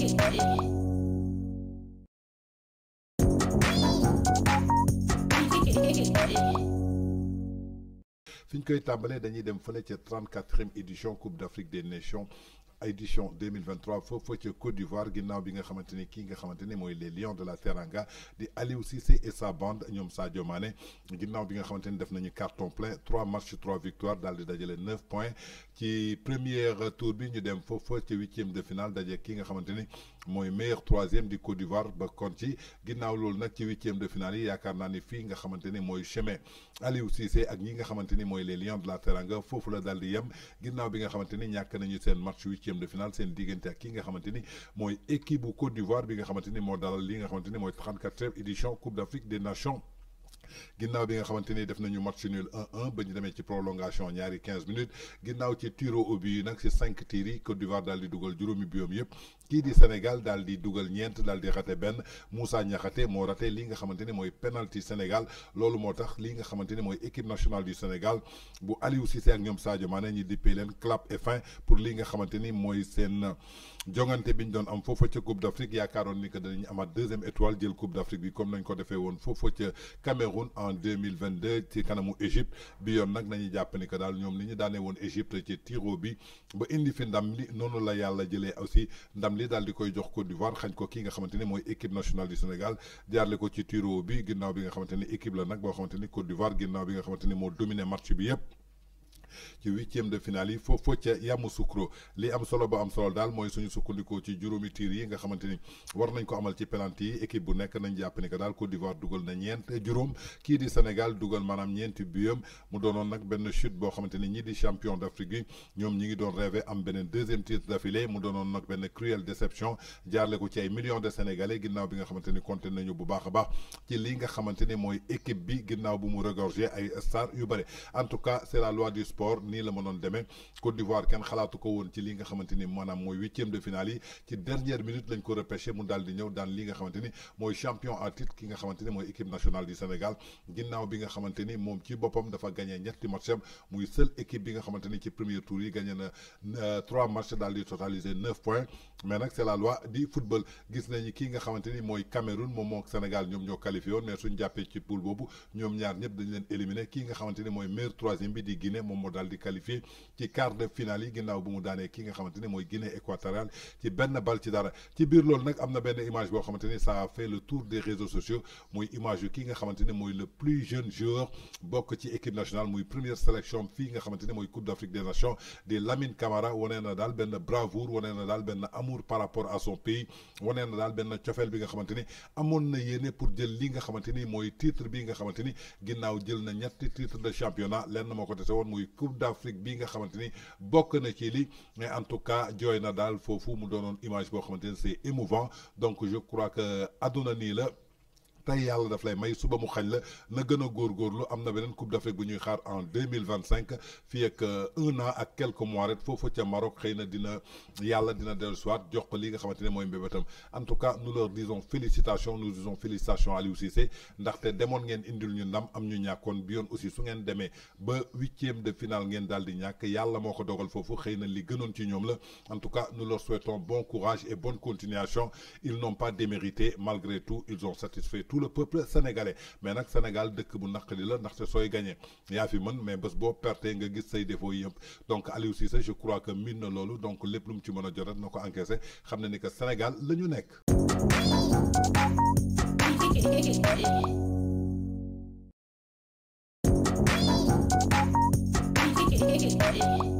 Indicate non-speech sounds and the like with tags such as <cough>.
fin que koy tàmbalee dañuy dem fële ca 34e édition Coupe d'Afrique des Nations édition 2023 fofo ca Côte d'Ivoire ginnaw bi nga xamanteni ki nga xamanteni moy les lions de la Teranga di Aliou Cissé et sa bande ñom Sadio Mané ginnaaw bi nga xamanteni def nañu carton plein trois matchs trois victoires dal di neuf points ci première tour bi ñu dem ci huitième de finale dajé ki nga xamanteni moy meilleur troisième du Côte d'Ivoire ba kon ci ginnaaw ci huitième de finale yi ni fi nga xamanteni moy chemin Aliou Cissé ak ñi nga xamanteni moy les lions de la Teranga fofu la dal di yam ginnaw bi nga xamanteni ñak nañu sen match huitième de finale c'est diggante ak ki nga xamante moy équipe du Côte d'Ivoire bi nga xamante mo dalal li nga moy 34e e édition Coupe d'Afrique des Nations ginnaw bi nga xamanteni def nañu match nul 1-1 bañu démé ci prolongation ñaari 15 minutes ginnaw ci tiro au but nak ci cinq tirs Côte d'Ivoire daal di dugal juróomi biom yépp ki di Sénégal daal di dugal ñeent daal di rate Ben. Moussa Niakhaté mo raté li nga xamanteni moy penalty Sénégal lolu motax li nga xamanteni moy équipe nationale du Sénégal bu Aliou Cissé ak ñom Sadio Mané ñi di pélen clap et fin pour li nga xamanteni ni sen seen jongante bi doon am fofu ci Coupe d'Afrique yaakaaroon ni que dañu Amat deuxième étoile jël Coupe d'Afrique bi comme nañ ko défé won fofu ci Cameroun en 2022 ci Égypte bi yoon nag nañu jàpp ni que dal ñom li ñu daanee won Égypte ci tiro bi ba indi fi ndam li nonu la yalla jëlé aussi ndam li dal di koy jox Côte d'Ivoire xañ ko ki nga xamante moy équipe nationale du Sénégal jaarle ko ci tiro bi ginnaw bi nga xamante équipe la nak bo xamante Côte d'Ivoire ginnaw bi nga xamante mo dominer match bi yépp ci huitième de finale yi foofu ca Yamoussoukro li am solo ba am solo daal mooy suñu sukkandikoo ci juróomi tiir yi nga xamante ni war nañ ko amal ci penalty yi équipe bu nekk nañ jàpp ni que daal Côte d'Ivoire dugal na ñeent eh, juróom kii di Sénégal dugal maanaam ñeenti buyam mu doonoon nag benn chute boo xamante ni ñii di champion d'Afrique yi ñoom ñi ngi doon rêvé am beneen deuxième titre d'affilée mu doonoon nag benn cruel déception jaarle ko ci ay millions de Sénégalais ginnaaw bi nga xamante ni compté nañu bu baax a baax ci li nga xamante ni mooy équipe bi ginnaaw bu mu regorger ay star yu bëri en tout cas c'est la loi du sport ni le la mënoon demee Côte d'Ivoire qu'un xalaatu ko won ci li nga xamanteni ni moy 8 huitième de finale ci dernière minute lañ ko repêché mu dal di ñëw dans li nga xamanteni moy champion à titre ki nga xamanteni moy équipe nationale du Sénégal ginnaw bi nga xamanteni ni de ci gagner dafa gagner ñetti matcham muy seul équipe bi nga xamanteni ci premier tour yi gagné na trois matchs dans di totaliser neuf points mais que c'est la loi du football gis nañu ki nga xamanteni moy Cameroun moment mok Sénégal ñom ñoo qualifié woon mais suñu jappé ci poule bobu ñom ñaar ñep dañ leen éliminé qui nga xamanteni moy meilleur meilleur troisième bi di Guinée mon mu daal di qualifié ci quart de finale yi ginnaaw bu mu daanee ki nga xamante ni mooy Guinée équatoriale ci benn bal ci dara ci biir loolu nag am na benn image boo xamante ni ça a fait le tour des réseaux sociaux muy image qui ki nga xamante ni le plus jeune joueur bokk ci équipe nationale muy première sélection fii nga xamante ni mooy Coupe d'Afrique des Nations di Lamine Camara wanee na daal benn bravoure wanee na daal benn amour par rapport à son pays wanee na daal benn cofeel bi nga xamante ni amoon na yéene pour jël li nga xamante ni mooy titre bi nga xamante ni ginnaaw jël na ñetti titre de championnat lenn moo ko dese woon coupe d'Afrique bi nga xamanteni bokk na ci li mais en tout cas jooy na daal nous mu une image pour xamanteni c'est émouvant donc je crois que àdduna la tey yàlla daf lay may suba mu xañ la na gën gor góorgóorlu am na coupe d'Afrique bu ñuy xaar en 2025, fi ak euh, un an ak quelques mois rek fofu ci Maroc xeyna dina yalla dina dellu siwaat jox ko li nga xamantene moy mooy en tout cas nous leur disons félicitations nous disons félicitations Aliou ndax ndaxte demoon ngeen indil ñu ndam am ñu ñàkkoon bi yoon aussi su ngeen demee ba huitième de finale ngeen daal di ñàkk yàlla moo dogal fofu xeyna li gënoon ci ñom la en tout cas nous leur souhaitons bon courage et bonne continuation ils n'ont pas démérité malgré tout ils ont satisfait tout le peuple sénégalais mais que Sénégal deuk bu naqari la ndaxte soit gagné ya fi man mais beau bo perte nga gis say défaut yëpp donc Aliou Cissé je crois que mine na l'eau donc les plumes tu ci mën jorat nako encaisser ko ni que Sénégal le nek <laughs>